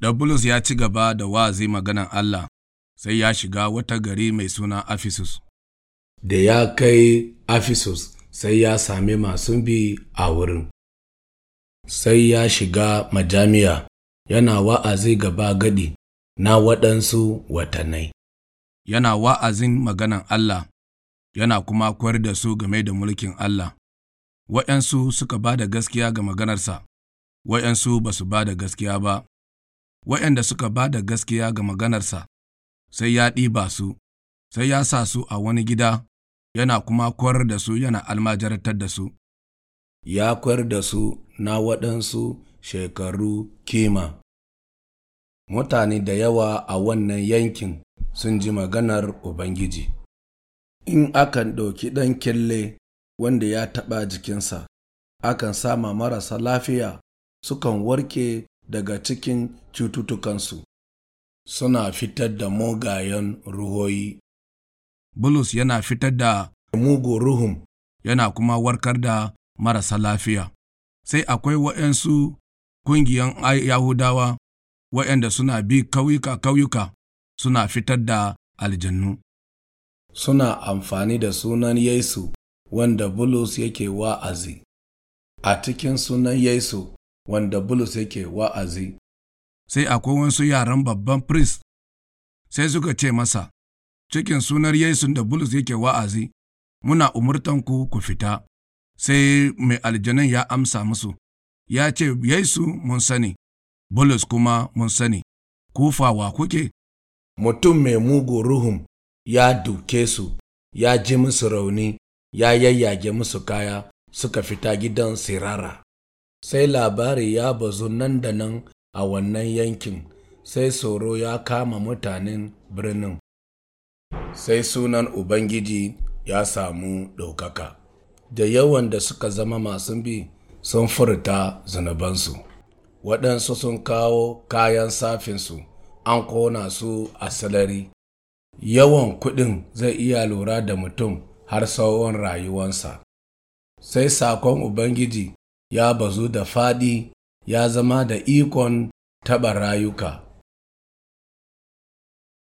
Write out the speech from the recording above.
Da Bulus ya ci gaba da wa'azi maganan Allah, sai ya shiga wata gari mai suna Afisus. Da ya kai Afisus, sai ya sami masu bi a wurin. Sai ya shiga majami'a, yana wa'azi gaba gadi na waɗansu watanai. Yana wa'azin maganan Allah, yana kuma koyar da su game da mulkin Allah. Waɗansu suka ba da gaskiya ga maganarsa, waɗansu ba su ba da gaskiya ba. waɗanda suka ba da gaskiya ga maganarsa, sai ya ɗiba su, sai ya sa su a wani gida, yana kuma koyar da su yana almajartar da su. Ya koyar da su na waɗansu shekaru kima. Mutane da yawa a wannan yankin sun ji maganar Ubangiji. In akan ɗauki ɗan kyalle wanda ya taɓa jikinsa, akan sama marasa lafiya sukan warke daga cikin cututtukansu, suna fitar da mugayen ruhoyi. Bulus yana fitar da mugu ruhun yana kuma warkar da marasa lafiya. Sai akwai waɗansu ƙungiyan Yahudawa waɗanda suna bi kauyuka-kauyuka suna fitar da aljannu. Suna amfani da sunan Yesu wanda Bulus yake wa'azi. A cikin sunan Yesu wanda Bulus yake wa'azi. Sai akwai wasu yaran babban firist, sai suka ce masa, cikin sunar Yesu da Bulus yake wa'azi, muna umurtanku ku fita. Sai mai aljanin ya amsa musu, ya ce, Yesu mun sani, Bulus kuma mun sani, kufawa kuke? Mutum mai mugu ruhun ya duke su, ya ji musu rauni, ya yayyage musu kaya, suka fita gidan sirara. Sai labari ya bazu nan da nan a wannan yankin, sai tsoro ya kama mutanen birnin, sai sunan Ubangiji ya samu ɗaukaka, da yawan da suka zama masu bi sun furta zunubansu, waɗansu sun kawo kayan safinsu an kona su a salari, yawan kuɗin zai iya lura da mutum har tsawon rayuwansa. Sai sakon Ubangiji ya bazu da faɗi ya zama da ikon taɓa rayuka.